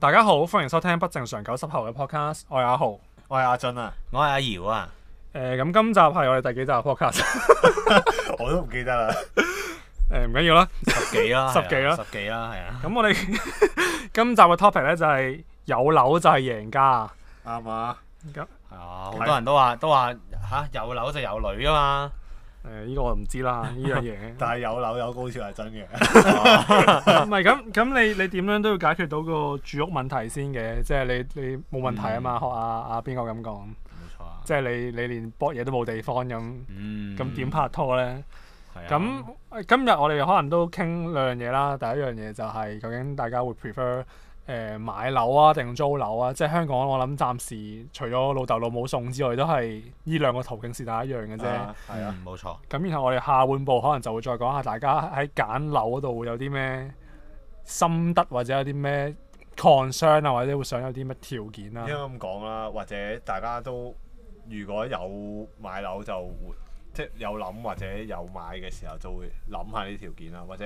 大家好，歡迎收聽不正常九十後嘅 podcast。我係阿豪，我係阿俊啊，我係阿姚啊。誒、呃，咁今集係我哋第幾集 podcast？ 我都唔記得、 呃、啦。誒、啊，唔緊要啦，十幾啦，十幾啦，十幾啦，係啊。咁、啊、我哋今集嘅 topic 咧就係有樓就係贏家啱嘛？係啊，好、嗯啊、多人都話都話吓有樓就有女啊嘛。誒呢、呃這個我唔知啦，呢樣嘢。 但係有樓有高潮係真嘅。唔係咁咁，你你點樣都要解決到個住屋問題先嘅，即係你你冇問題啊嘛？嗯、學阿阿邊個咁講。冇、啊、錯、啊。即係你你連搏嘢都冇地方咁，咁點、嗯、拍拖咧？咁、啊、今日我哋可能都傾兩樣嘢啦。第一樣嘢就係究竟大家會 prefer。誒、呃、買樓啊，定租樓啊，即係香港，我諗暫時除咗老豆老母送之外，都係呢兩個途徑是但一樣嘅啫。係啊，冇、啊嗯、錯。咁然後我哋下半部可能就會再講下，大家喺揀樓嗰度會有啲咩心得，或者有啲咩 concern 啊，或者會想有啲乜條件啊。應該咁講啦，或者大家都如果有買樓就會即係有諗或者有買嘅時候就會諗下呢條件啦，或者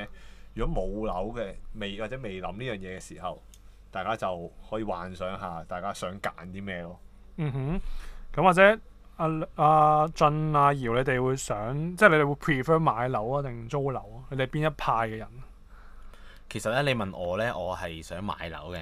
如果冇樓嘅未或者未諗呢樣嘢嘅時候，大家就可以幻想下，大家想揀啲咩咯。嗯哼，咁或者阿阿、啊啊、俊、阿、啊、姚，你哋會想，即係你哋會 prefer 買樓啊，定租樓啊？你哋邊一派嘅人？其實咧，你問我咧，我係想買樓嘅。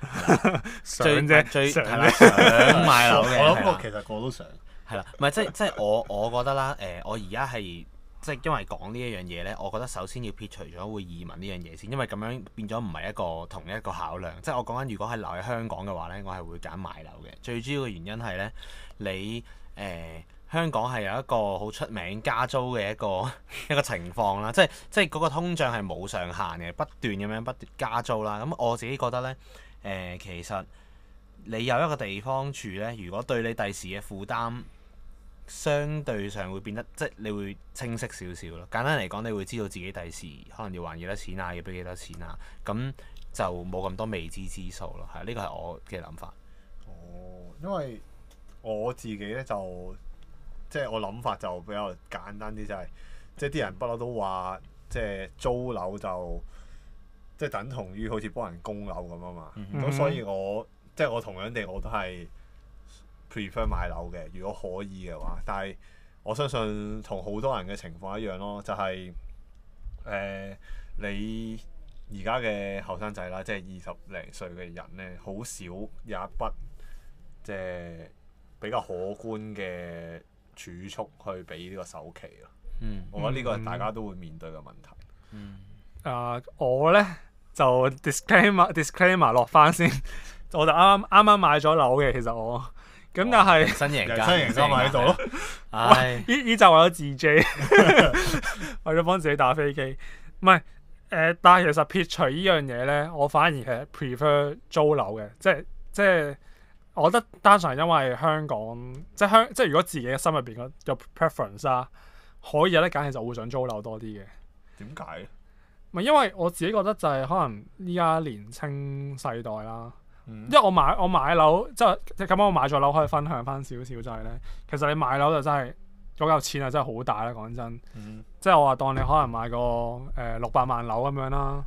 想啫， 最想，呢想買樓嘅。我諗過，其實個個都想。係啦， 唔係即即我我覺得啦，誒、呃，我而家係。即係因為講呢一樣嘢呢，我覺得首先要撇除咗會移民呢樣嘢先，因為咁樣變咗唔係一個同一個考量。即係我講緊，如果係留喺香港嘅話呢，我係會揀買樓嘅。最主要嘅原因係呢，你誒、呃、香港係有一個好出名加租嘅一個一個情況啦。即係即係嗰個通脹係冇上限嘅，不斷咁樣不斷加租啦。咁我自己覺得呢，誒、呃、其實你有一個地方住呢，如果對你第時嘅負擔相對上會變得即係你會清晰少少咯。簡單嚟講，你會知道自己第時可能要還幾多錢啊，要俾幾多錢啊。咁就冇咁多未知之數咯。係、這、呢個係我嘅諗法。哦，因為我自己咧就即係我諗法就比較簡單啲，就係即係啲人不嬲都話，即係租樓就即係等同於好似幫人供樓咁啊嘛。咁、嗯、哼所以我即係我同樣地我都係。prefer 買樓嘅，如果可以嘅話，但係我相信同好多人嘅情況一樣咯，就係、是、誒、呃、你而家嘅後生仔啦，即係二十零歲嘅人咧，好少有一筆即係、呃、比較可觀嘅儲蓄去俾呢個首期咯。嗯，我覺得呢個係大家都會面對嘅問題。嗯。啊、嗯，嗯 uh, 我咧就 disclaimer disclaimer 落返先， 我就啱啱啱啱買咗樓嘅，其實我。咁但係新人新人生咪喺度咯，唉、哦，依依集為咗自己，為咗幫自己打飛機，唔係，誒、呃，但係其實撇除依樣嘢咧，我反而係 prefer 租樓嘅，即係即係，我覺得單純係因為香港，即係香，即係如果自己嘅心入邊個有 preference 啊，可以有得揀咧，其實就會想租樓多啲嘅。點解？咪因為我自己覺得就係可能依家年青，青世，世代啦。因為我買我買樓，即係咁樣我買咗樓可以分享翻少少，就係咧，其實你買樓就真係嗰嚿錢啊，真係好大啦，講真，即係我話當你可能買個誒六百萬樓咁樣啦，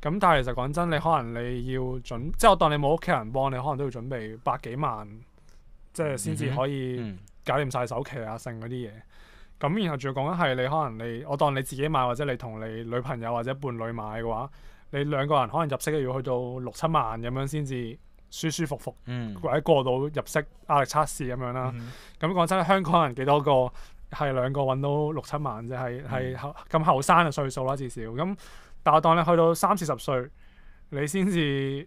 咁但係其實講真，你可能你要準，即係我當你冇屋企人幫你，可能都要準備百幾萬，即係先至可以搞掂晒首期啊，剩嗰啲嘢，咁、hmm. mm hmm. 然後仲要講緊係你可能你我當你自己買或者你同你女朋友或者伴侶買嘅話。你兩個人可能入息要去到六七萬咁樣先至舒舒服服，嗯、或者過到入息壓力測試咁樣啦。咁講、嗯、哼真，香港人幾多個係兩個揾到六七萬啫？係係咁後生嘅歲數啦，至少。咁但係當你去到三四十歲，你先至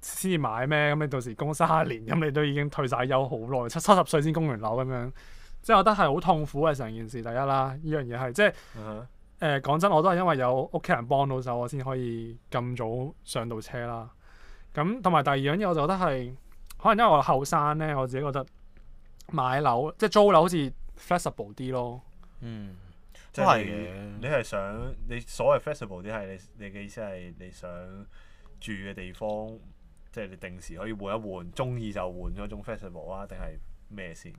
先至買咩？咁你到時供三年，咁、嗯、哼你都已經退晒休好耐，七七十歲先供完樓咁樣。即係我覺得係好痛苦嘅成件事第一啦，呢樣嘢係即係。Uh huh. 誒講真，我都係因為有屋企人幫到手，我先可以咁早上到車啦。咁同埋第二樣嘢，我就覺得係可能因為我後生咧，我自己覺得買樓即係租樓好似 flexible 啲咯。嗯，都係嘅。你係想你所謂 flexible 啲係你？你嘅意思係你想住嘅地方，即係你定時可以換一換，中意就換嗰種 flexible 啊？定係咩先？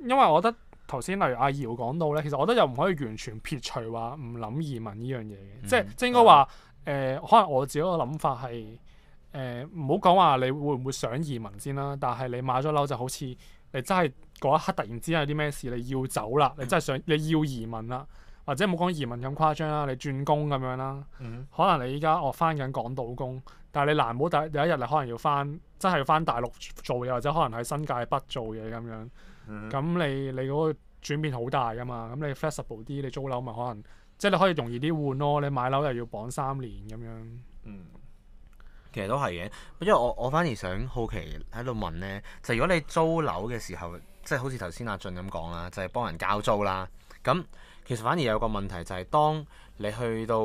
因為我覺得。頭先例如阿瑤講到咧，其實我覺得又唔可以完全撇除話唔諗移民呢樣嘢嘅，嗯、即即應該話誒、嗯呃，可能我自己個諗法係誒，唔好講話你會唔會想移民先啦，但係你買咗樓就好似你真係嗰一刻突然之間有啲咩事你要走啦，嗯、你真係想你要移民啦，或者冇講移民咁誇張啦，你轉工咁樣啦，嗯、可能你依家我翻緊港島工，但係你難保好第一日你可能要翻真係要翻大陸做嘢，或者可能喺新界北做嘢咁樣。咁、嗯、你你嗰個轉變好大噶嘛？咁你 flexible 啲，你租樓咪可能即係你可以容易啲換咯。你買樓又要綁三年咁樣。嗯，其實都係嘅，因為我我反而想好奇喺度問呢，就如果你租樓嘅時候，即係好似頭先阿俊咁講啦，就係幫人交租啦。咁其實反而有個問題就係，當你去到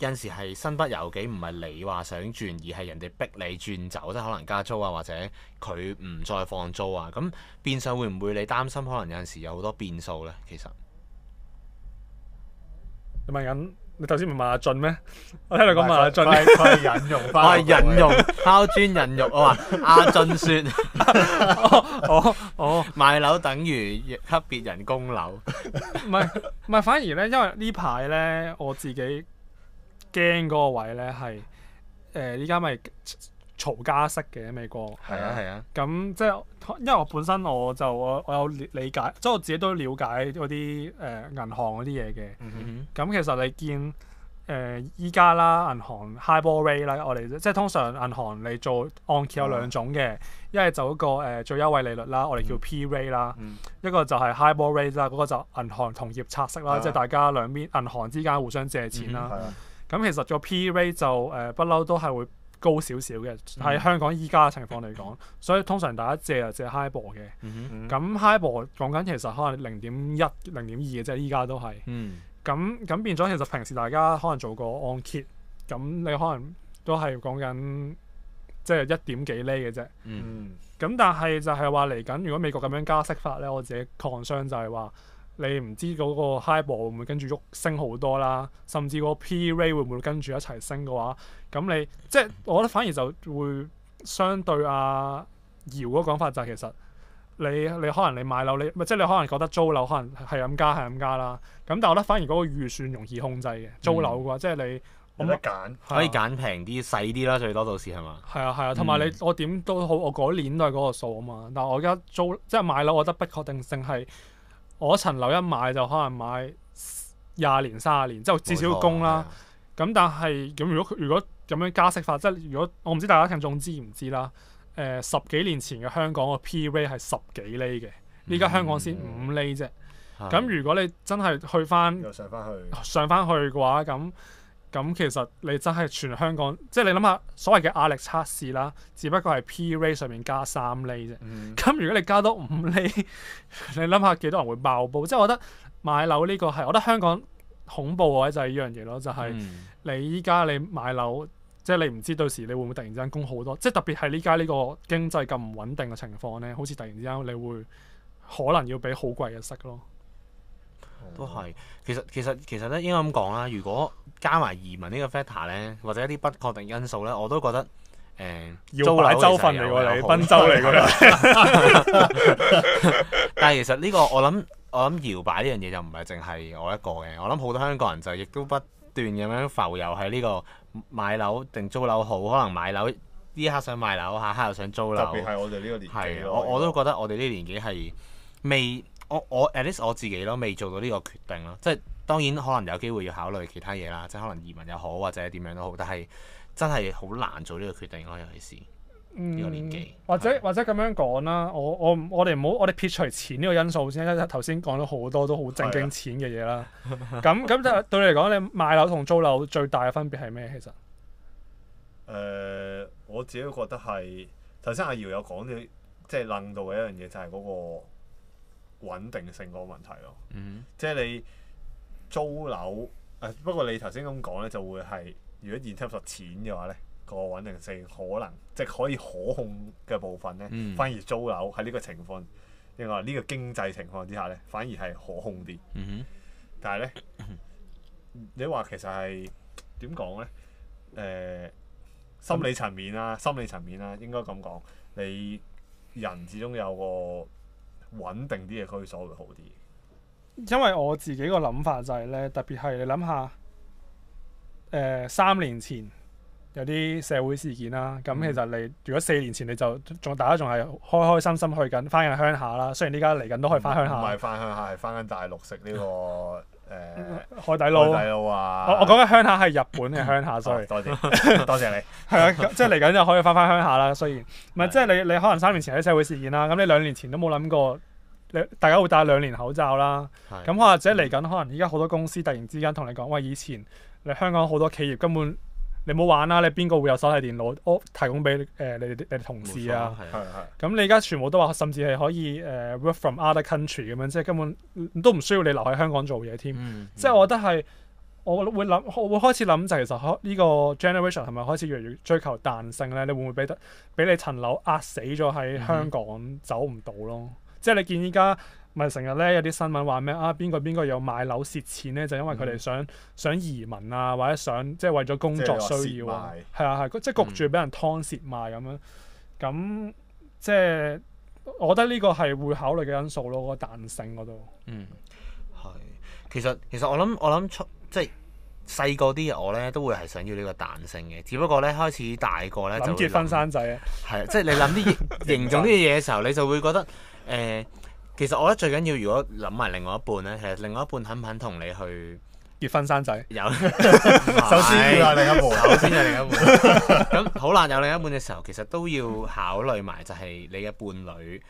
有陣時係身不由己，唔係你話想轉，而係人哋逼你轉走，即可能加租啊，或者佢唔再放租啊。咁變相會唔會你擔心？可能有陣時有好多變數呢？其實你問緊，你頭先唔係問阿俊咩？我聽你講問阿俊，我係引用，我係引用，拋磚引玉啊嘛。阿俊説：我我賣樓等於給別人供樓。唔係唔係，反而呢，因為呢排呢，我自己。驚嗰個位咧係誒依家咪嘈加息嘅美國，係啊係啊。咁即係因為我本身我就我我有理解，即係我自己都了解嗰啲誒銀行嗰啲嘢嘅。咁其實你見誒依家啦，銀行 high ball rate 啦，我哋即係通常銀行你做按揭有兩種嘅，嗯、一係就嗰個誒、呃、最優惠利率啦，我哋叫 P rate 啦，嗯、一個就係 high ball rate 啦，嗰、嗰個就銀行同業拆息啦，嗯、即係大家兩邊銀行之間互相借錢啦。嗯嗯。咁其實個 P rate 就誒不嬲都係會高少少嘅，喺香港依家嘅情況嚟講，所以通常大家借就借 high bor 嘅。咁、嗯嗯、high bor 講緊其實可能零點一、零點二嘅啫，依家都係。咁咁變咗，其實平時大家可能做個按揭，咁你可能都係講緊即係一點幾厘嘅啫。咁、嗯、但係就係話嚟緊，如果美國咁樣加息法咧，我自己抗商就係話。你唔知嗰個 high 部會唔會跟住喐升好多啦，甚至嗰個 P ray 會唔會跟住一齊升嘅話，咁你即係我覺得反而就會相對阿姚嗰講法就係，其實你你可能你買樓你即係你可能覺得租樓可能係咁加係咁加啦，咁但係我覺得反而嗰個預算容易控制嘅、嗯、租樓嘅話，即係你冇得揀，可以揀平啲細啲啦，最多到時係嘛？係啊係啊，同埋、啊啊、你、嗯、我點都好，我嗰年都係嗰個數啊嘛，但係我而家租即係買樓，我覺得不確定性係。我一層樓一買就可能買廿年三十年，之後至少供啦。咁錯但係咁，如果如果咁樣加息法，即係如果我唔知大家聽眾知唔知啦？誒、呃、十幾年前嘅香港個 PVR 係十幾厘嘅，依家香港先五厘啫。咁、嗯、如果你真係去翻，上翻去，上翻去嘅話咁。咁其實你真係全香港，即係你諗下所謂嘅壓力測試啦，只不過係 P rate 上面加三厘啫。咁、嗯、如果你加多五厘，你諗下幾多人會爆煲？即係我覺得買樓呢個係我覺得香港恐怖嘅話就係依樣嘢咯，就係、是、你依家你買樓，即係你唔知到時你會唔會突然之間供好多？即係特別係呢家呢個經濟咁唔穩定嘅情況咧，好似突然之間你會可能要俾好貴嘅息咯。都係，其實其實其實咧應該咁講啦，如果加埋移民呢個 factor 咧，或者一啲不確定因素咧，我都覺得誒，呃、要擺州嚟州瞓嚟喎，你賓州嚟㗎。 但係其實呢、呢個我諗我諗搖擺呢樣嘢就唔係淨係我一個嘅，我諗好多香港人就亦都不斷咁樣浮遊喺呢個買樓定租樓好，可能買樓呢刻想買樓，下刻又想租樓。特別係我哋呢個年係，我我都覺得我哋呢年紀係未。我我 at least 我自己都未做到呢個決定咯。即係當然可能有機會要考慮其他嘢啦，即係可能移民又好或者點樣都好。但係真係好難做呢個決定咯，尤其是呢個年紀、嗯是。或者或者咁樣講啦，我我我哋唔好我哋撇除錢呢個因素先，因為頭先講咗好多都好正經錢嘅嘢啦。咁咁就對你嚟講，你買樓同租樓最大嘅分別係咩？其實，誒、呃，我自己覺得係頭先阿瑤有講到，即係諷到嘅一樣嘢就係嗰、那個。穩定性個問題咯，mm hmm. 即係你租樓誒、呃。不過你頭先咁講咧，就會係如果 income 實錢嘅話咧，個穩定性可能即係可以可控嘅部分咧、mm hmm.，反而租樓喺呢個情況，另外呢個經濟情況之下咧，反而係可控啲。Mm hmm. 但係咧，你話其實係點講咧？誒、呃，心理層面啦、啊，心理層面啦、啊，應該咁講，你人始終有個。穩定啲嘅居所會好啲，因為我自己個諗法就係、是、咧，特別係你諗下，誒、呃、三年前有啲社會事件啦，咁其實你、嗯、如果四年前你就仲大家仲係開開心心去緊翻緊鄉下啦，雖然呢家嚟緊都可以翻鄉下，唔係翻鄉下係翻緊大陸食呢、這個。 誒、海底撈啊！我我講緊鄉下係日本嘅鄉下， 所以多謝 多謝你。係啊 ，即係嚟緊就可以翻返鄉下啦。雖然唔係，即係你你可能三年前喺社會事件啦，咁你兩年前都冇諗過，你大家會戴兩年口罩啦。咁或者嚟緊可能依家好多公司突然之間同你講，喂，以前你香港好多企業根本。你冇玩啦、啊！你邊個會有手提電腦？我提供俾誒、呃、你哋你哋同事啊。係係係。咁你而家全部都話，甚至係可以誒、uh, work from other country 咁樣，即係根本都唔需要你留喺香港做嘢添。嗯嗯、即係我覺得係，我會諗，我會開始諗就係其實呢個 generation 係咪開始越嚟越追求彈性咧？你會唔會俾得俾你層樓壓死咗喺香港、嗯、走唔到咯？即係你見依家。咪成日咧有啲新聞話咩啊？邊個邊個有買樓蝕錢咧？就因為佢哋想想移民啊，或者想即係為咗工作需要，啊。係啊係，即係焗住俾人劏蝕賣咁樣，嗯、樣。咁即係我覺得呢個係會考慮嘅因素咯，彈嗯、個彈性嗰度。嗯，係。其實其實我諗我諗出即係細個啲我咧都會係想要呢個彈性嘅。只不過咧，開始大個咧就諗結婚生仔啊。係，即係你諗啲營縱啲嘢嘅時候，你就會覺得誒。呃其實我覺得最緊要，如果諗埋另外一半咧，其實另外一半肯唔肯同你去結婚生仔？有，首先要有另一半 先有另一半。咁好 難有另一半嘅時候，其實都要考慮埋就係你嘅伴侶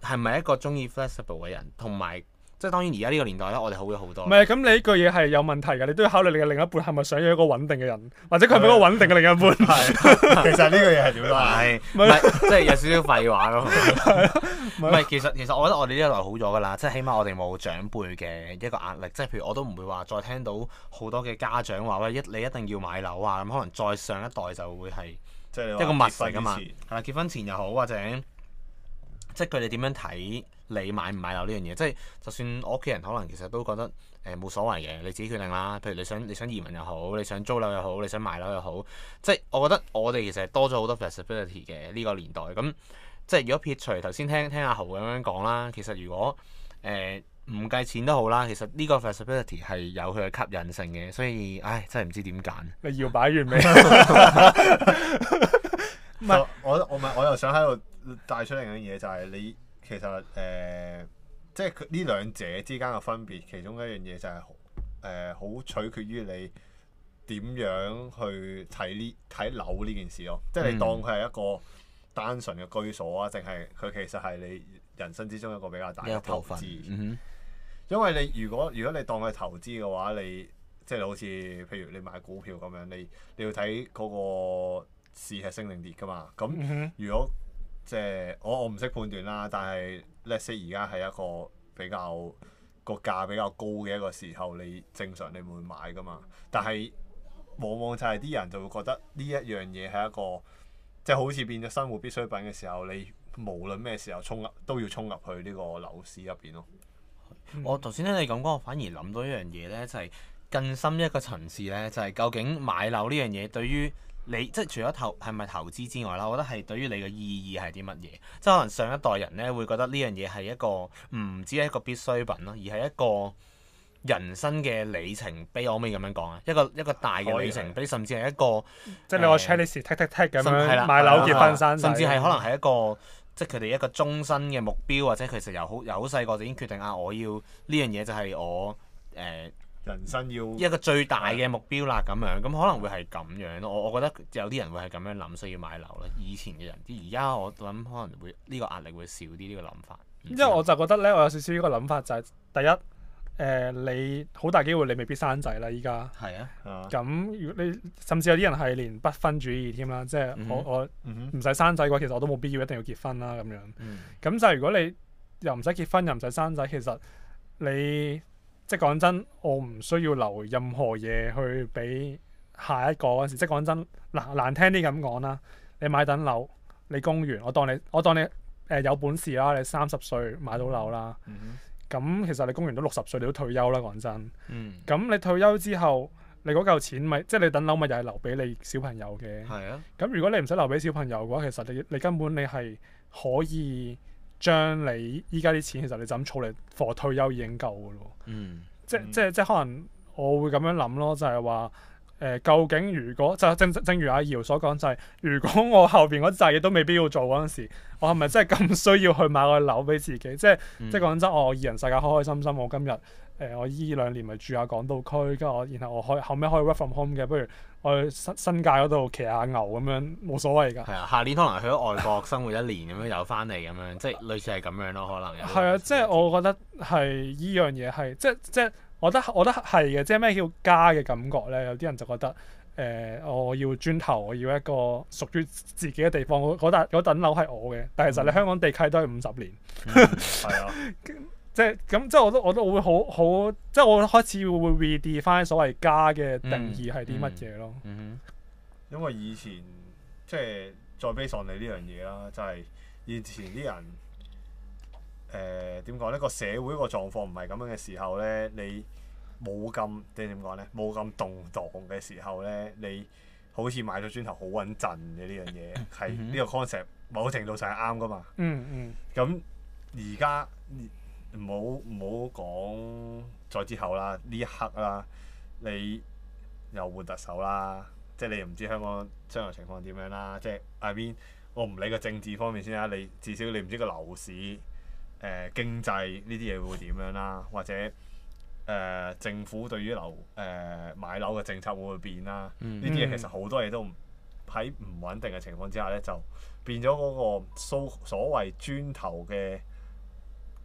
係咪一個中意 flexible 嘅人，同埋。即係當然，而家呢個年代咧，我哋好咗好多。唔係，咁你呢句嘢係有問題嘅，你都要考慮你嘅另一半係咪想要一個穩定嘅人，或者佢係咪一個穩定嘅另一半？係，其實呢句嘢係點講？係，唔係，即係有少少廢話咯。唔係，其實其實我覺得我哋呢一代好咗㗎啦，即係起碼我哋冇長輩嘅一個壓力。即係譬如我都唔會話再聽到好多嘅家長話喂一你一定要買樓啊咁，可能再上一代就會係一個密事㗎嘛。係啦，結婚前又好，或者即係佢哋點樣睇？你買唔買樓呢樣嘢？即係就算我屋企人可能其實都覺得誒冇、呃、所謂嘅，你自己決定啦。譬如你想你想移民又好，你想租樓又好，你想買樓又好。即係我覺得我哋其實多咗好多 flexibility 嘅呢、這個年代。咁即係如果撇除頭先聽聽阿豪咁樣講啦，其實如果誒唔、呃、計錢都好啦，其實呢個 flexibility 係有佢嘅吸引性嘅。所以唉，真係唔知點揀。你搖擺完未？我我我又想喺度帶出嚟嘅嘢就係、是、你。其實誒、呃，即係佢呢兩者之間嘅分別，其中一樣嘢就係誒好取決於你點樣去睇呢，睇樓呢件事咯。即係你當佢係一個單純嘅居所啊，定係佢其實係你人生之中一個比較大嘅投資。嗯、因為你如果，如果你當佢投資嘅話，你即係好似譬如你買股票咁樣，你，你要睇嗰個市係升定跌㗎嘛。咁如果、嗯即係我我唔識判斷啦，但係 Let's say 而家係一個比較個價比較高嘅一個時候，你正常你唔會買噶嘛。但係往往就係啲人就會覺得呢一樣嘢係一個即係好似變咗生活必需品嘅時候，你無論咩時候衝入都要衝入去呢個樓市入邊咯。嗯、我頭先聽你講講，我反而諗到一樣嘢咧，就係、是、更深一個層次咧，就係、是、究竟買樓呢樣嘢對於你即係除咗投係咪投資之外啦，我覺得係對於你嘅意義係啲乜嘢？即係可能上一代人咧會覺得呢樣嘢係一個唔止係一個必需品咯，而係一個人生嘅里程碑，可唔可以咁樣講啊，一個一個大嘅里程碑，甚至係一個、呃、即係你我 check list tick tick tick 咁樣買樓結婚生、啊，甚至係可能係一個即係佢哋一個終身嘅目標，或者其實由好由好細個就已經決定啊，我要呢樣嘢就係我誒。呃呃呃人生要一個最大嘅目標啦，咁樣咁、嗯嗯、可能會係咁樣咯。我我覺得有啲人會係咁樣諗，所以買樓咧。以前嘅人啲，而家我諗可能會呢、這個壓力會少啲，呢、這個諗法。因為我就覺得咧，我有少少呢個諗法就係、是、第一，誒、呃，你好大機會你未必生仔啦。依家係啊，咁如果你甚至有啲人係連不婚主義添啦，即係我、嗯、哼我唔使生仔嘅話，其實我都冇必要一定要結婚啦咁樣。咁、嗯、就如果你又唔使結婚，又唔使生仔，其實你。即講真，我唔需要留任何嘢去俾下一個嗰時。即講真，難難聽啲咁講啦。你買等樓，你供完，我當你我當你誒有本事啦。你三十歲買到樓啦，咁、mm hmm. 其實你供完都六十歲，你都退休啦。講真，咁、mm hmm. 你退休之後，你嗰嚿錢咪即你等樓咪又係留俾你小朋友嘅。係啊、mm。咁、hmm. 如果你唔使留俾小朋友嘅話，其實你你根本你係可以。將你依家啲錢，其實你就咁儲嚟貨退休已經夠嘅咯。嗯，即即即可能我會咁樣諗咯，就係話誒，究竟如果就正正如阿瑤所講，就係、是、如果我後邊嗰陣嘢都未必要做嗰陣時，嗯、我係咪真係咁需要去買個樓俾自己？即即講真，我、哦、二人世界開開心心，我今日。誒、呃，我依兩年咪住下港島區，跟住我，然後我開後尾可以 work from home 嘅，不如我去新新界嗰度騎下牛咁樣，冇所謂㗎。係啊，下年可能去咗外國生活一年咁樣， 又翻嚟咁樣，即係類似係咁樣咯，可能係啊，即係我覺得係依樣嘢係，即係即係，我覺得我覺得係嘅，即係咩叫家嘅感覺咧？有啲人就覺得誒、呃，我要磚頭，我要一個屬於自己嘅地方，嗰笪嗰棟樓係我嘅，但係其實你香港地契都係五十年，係、嗯嗯、啊。 即係咁，即係我都我都我會好好，即係我開始會 redefine 所謂家嘅定義係啲乜嘢咯。嗯嗯嗯、因為以前即係再 base 上嚟呢樣嘢啦，就係、是、以前啲人誒點講呢？個社會個狀況唔係咁樣嘅時候咧，你冇咁即點點講咧，冇咁動盪嘅時候咧，你好似買咗磚頭好穩陣嘅呢樣嘢，係呢、嗯、哼個 concept 某程度上係啱噶嘛。嗯咁而家。嗯唔好唔好講再之後啦，呢一刻啦，你又換特首啦，即係你又唔知香港將來情況點樣啦，即係 I mean 我唔理個政治方面先啦，你至少你唔知個樓市誒、呃、經濟呢啲嘢會點樣啦，或者誒、呃、政府對於樓誒、呃、買樓嘅政策會唔會變啦，呢啲嘢其實好多嘢都唔喺唔穩定嘅情況之下咧，就變咗嗰個所所謂磚頭嘅，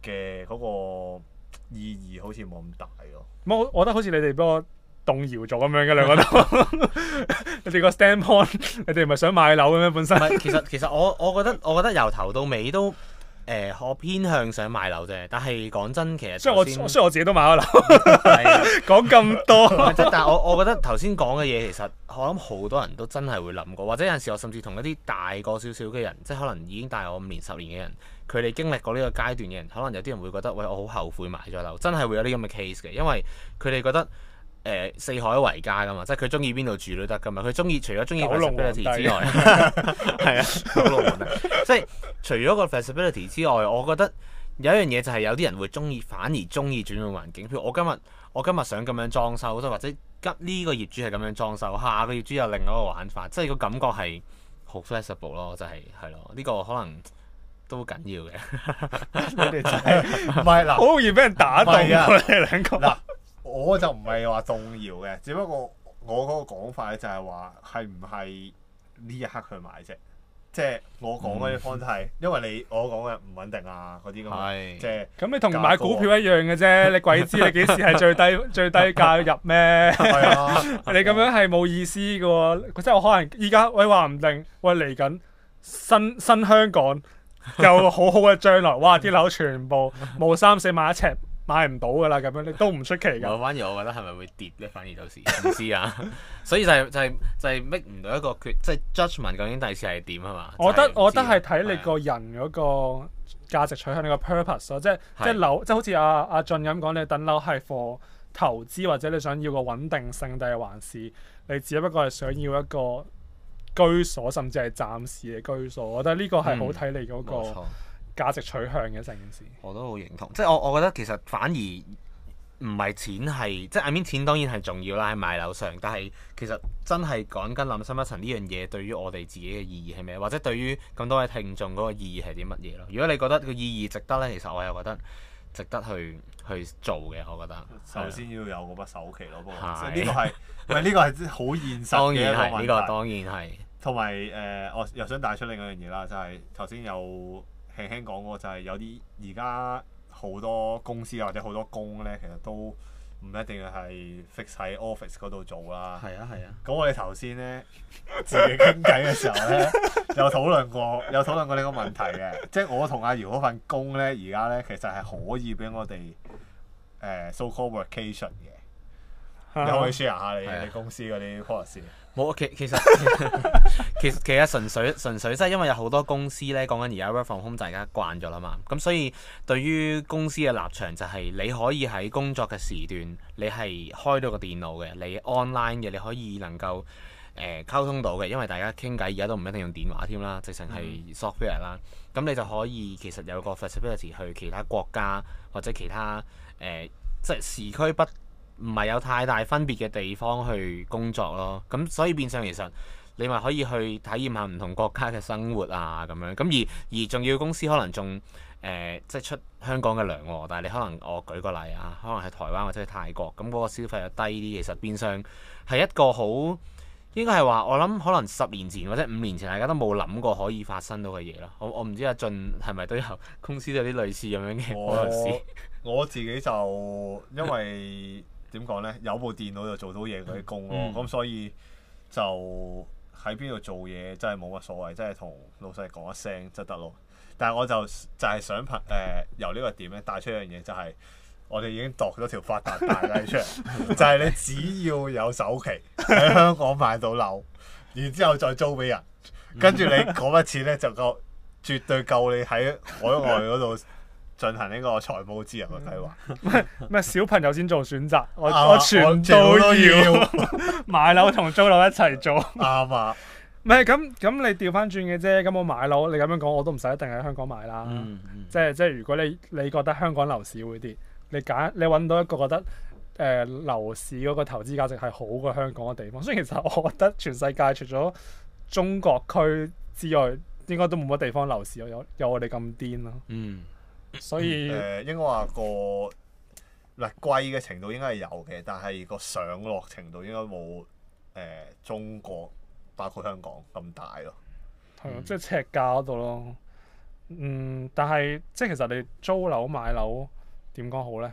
嘅嗰個意義好似冇咁大咯，唔我覺得好似你哋俾我動搖咗咁樣嘅， 兩個都。你哋個 standpoint，你哋唔係想買樓咁樣本身？唔係，其實其實我我覺得我覺得由頭到尾都。誒、呃，我偏向想買樓啫，但係講真，其實雖然我雖然我自己都買咗樓，講咁 麼多， 即係但係我我覺得頭先講嘅嘢，其實我諗好多人都真係會諗過，或者有陣時我甚至同一啲大個少少嘅人，即係可能已經大我五年十年嘅人，佢哋經歷過呢個階段嘅人，可能有啲人會覺得，喂，我好後悔買咗樓，真係會有呢咁嘅 case 嘅，因為佢哋覺得。誒四海為家噶嘛，即係佢中意邊度住都得噶嘛。佢中意除咗中意好靈活之外，係 啊，即係 除咗個 flexibility 之外，我覺得有一樣嘢就係有啲人會中意，反而中意轉換環境。譬如我今日我今日想咁樣裝修，或者呢個業主係咁樣裝修，下個業主有另外一個玩法，即係個感覺係好 flexible 咯。就係係咯，呢個可能都緊要嘅。唔 係 啦，好 容易俾人打動啊！你兩個。 啊 wit? 我就唔係話動搖嘅，只不過我嗰個講法就係話係唔係呢一刻去買啫，即係我講嘅方就係因為你我講嘅唔穩定啊嗰啲咁，即係咁你同買股票一樣嘅啫，你鬼知你幾時係最低最低價入咩？你咁樣係冇意思嘅喎，即係我可能依家喂話唔定喂嚟緊新新香港有好好嘅將來，哇！啲樓全部冇三四萬一尺。買唔到噶啦，咁樣你都唔出奇噶。我反而我覺得係咪會跌咧？反而就係唔知啊。 所以就係、是、就係、是、就係 make 唔到一個決，即、就、係、是、judgement 究竟第時係點啊嘛？我覺得我覺得係睇你個人嗰個價值取向，的你個 purpose 咯的，即係即係樓，即係好似阿阿俊咁講，你等樓係 for 投資，或者你想要個穩定性，定係還是你只不過係想要一個居所，甚至係暫時嘅居所？我覺得呢個係好睇你嗰、那個。嗯價值取向嘅成件事，我都好認同。即係我，我覺得其實反而唔係錢係，即係 I mean 錢當然係重要啦，喺買樓上。但係其實真係講緊諗深一層呢樣嘢，對於我哋自己嘅意義係咩？或者對於咁多位聽眾嗰個意義係啲乜嘢咯？如果你覺得個意義值得呢，其實我又覺得值得去去做嘅。我覺得首先要有嗰筆首期咯，即係呢個係，唔係呢個係好現實嘅。當然係，呢個當然係。同埋誒，我又想帶出另一樣嘢啦，就係頭先有，輕輕講過就係有啲而家好多公司或者好多工咧，其實都唔一定係 fix 喺 office 嗰度做啦。係啊係啊。咁、啊、我哋頭先咧，自己傾偈嘅時候咧， 有討論過，有討論過呢個問題嘅。即係我同阿姚嗰份工咧，而家咧其實係可以俾我哋誒、呃、so called workation 嘅。 你可，可以 share 下你、 啊、你公司啲 policy。冇，其其實其實其實純粹純粹，即係因為有好多公司呢，講緊而家 work from home 大家慣咗啦嘛。咁所以對於公司嘅立場就係，你可以喺工作嘅時段，你係開到個電腦嘅，你 online 嘅，你可以能夠誒、呃、溝通到嘅。因為大家傾偈而家都唔一定用電話添啦，直情係 software 啦。咁、嗯、你就可以其實有個 flexibility 去其他國家或者其他誒、呃，即係時區不唔係有太大分別嘅地方去工作咯，咁所以變相其實你咪可以去體驗下唔同國家嘅生活啊，咁樣，咁而而重要公司可能仲誒、呃、即係出香港嘅糧喎，但係你可能我舉個例啊，可能係台灣或者係泰國咁嗰個消費又低啲，其實變相係一個好應該係話我諗可能十年前或者五年前大家都冇諗過可以發生到嘅嘢咯，我我唔知阿俊係咪都有公司有啲類似咁樣嘅可能事， 我自己就因為。 點講呢？有部電腦就做到嘢嗰啲工咯，咁、嗯、所以就喺邊度做嘢真係冇乜所謂，真係同老細講一聲就得咯。但係我就就係、是、想憑誒、呃、由呢個點咧帶出一樣嘢，就係、是、我哋已經度咗條發達大計出嚟， 就係你只要有首期喺香港買到樓，然之後再租俾人，跟住你嗰筆錢呢就夠，絕對夠你喺海外嗰度，進行呢個財務自由嘅計劃、嗯，咩小朋友先做選擇， 我 我全都要 買樓同租樓一齊做。啱 啊、嗯，唔係咁咁你調翻轉嘅啫。咁我買樓，你咁樣講我都唔使一定喺香港買啦、嗯嗯。即係即係，如果你你覺得香港樓市會跌，你揀你揾到一個覺得誒、呃、樓市嗰個投資價值係好過香港嘅地方。所以其實我覺得全世界除咗中國區之外，應該都冇乜地方樓市有有我哋咁癲咯。嗯。所以誒、呃、應該話個率、呃、貴嘅程度應該係有嘅，但係個上落程度應該冇誒、呃、中國包括香港咁大咯。係啊、嗯，即係赤價嗰度咯。嗯，但係即係其實你租樓買樓點講好咧？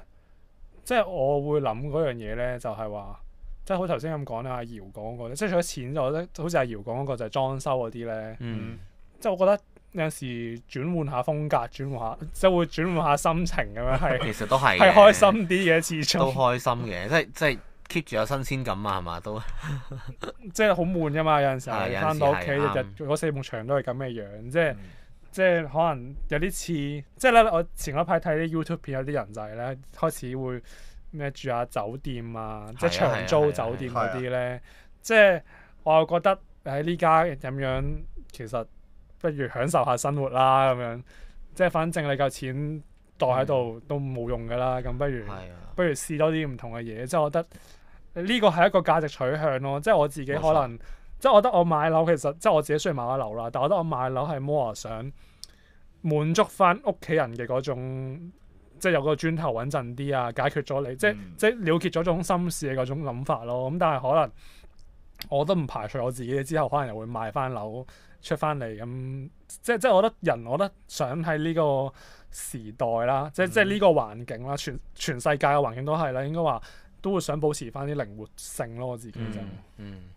即係我會諗嗰樣嘢咧，就係話即係好頭先咁講咧，阿姚講嗰啲，即係、啊那個、除咗錢就覺得好似阿姚講嗰個就係裝修嗰啲咧。嗯、嗯，即係我覺得。有陣時轉換下風格，轉換下即係會轉換下心情咁樣，係其實都係係開心啲嘅，始終都開心嘅，即係即係 keep 住有新鮮感啊，係嘛都即係好悶吖嘛，有陣時返到屋企日日做四面牆都係咁嘅樣，即係即係可能有啲似，即係咧我前一排睇啲 YouTube 片，有啲人就係咧開始會咩住下酒店啊，即係長租酒店嗰啲咧，即係我又覺得喺呢家咁樣其實。不如享受下生活啦，咁樣即係反正你嚿錢袋喺度，嗯、都冇用噶啦，咁不如，嗯、不如試多啲唔同嘅嘢。即係我覺得呢個係一個價值取向咯。即係我自己可能，冇錯。即係我覺得我買樓其實即係我自己需要買下樓啦。但我覺得我買樓係 more 想滿足翻屋企人嘅嗰種，即係有嗰個磚頭穩陣啲啊，解決咗你，嗯、即係即係了結咗種心事嘅嗰種諗法咯。咁但係可能我都唔排除我自己之後可能又會賣翻樓。出翻嚟咁，即即我覺得人，我覺得想喺呢個時代啦，即、嗯、即呢個環境啦，全全世界嘅環境都係咧，應該話都會想保持翻啲靈活性咯，我自己就係。嗯嗯。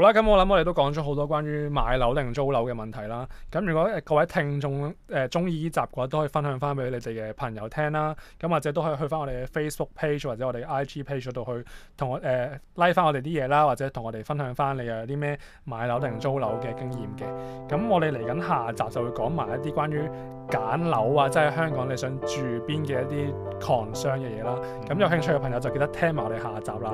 好啦，咁我諗我哋都講咗好多關於買樓定租樓嘅問題啦。咁如果各位聽眾誒中意呢集嘅話，都可以分享翻俾你哋嘅朋友聽啦。咁或者都可以去翻我哋嘅 Facebook page 或者我哋 IG page 度去同我誒拉 i 翻我哋啲嘢啦，或者同我哋分享翻你有啲咩買樓定租樓嘅經驗嘅。咁、嗯、我哋嚟緊下集就會講埋一啲關於。揀樓啊，即係香港你想住邊嘅一啲 concern 嘅嘢啦。咁有興趣嘅朋友就記得聽埋我哋下集啦。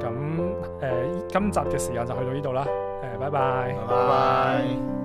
咁誒、呃，今集嘅時間就去到呢度啦。誒、呃，拜拜。拜拜。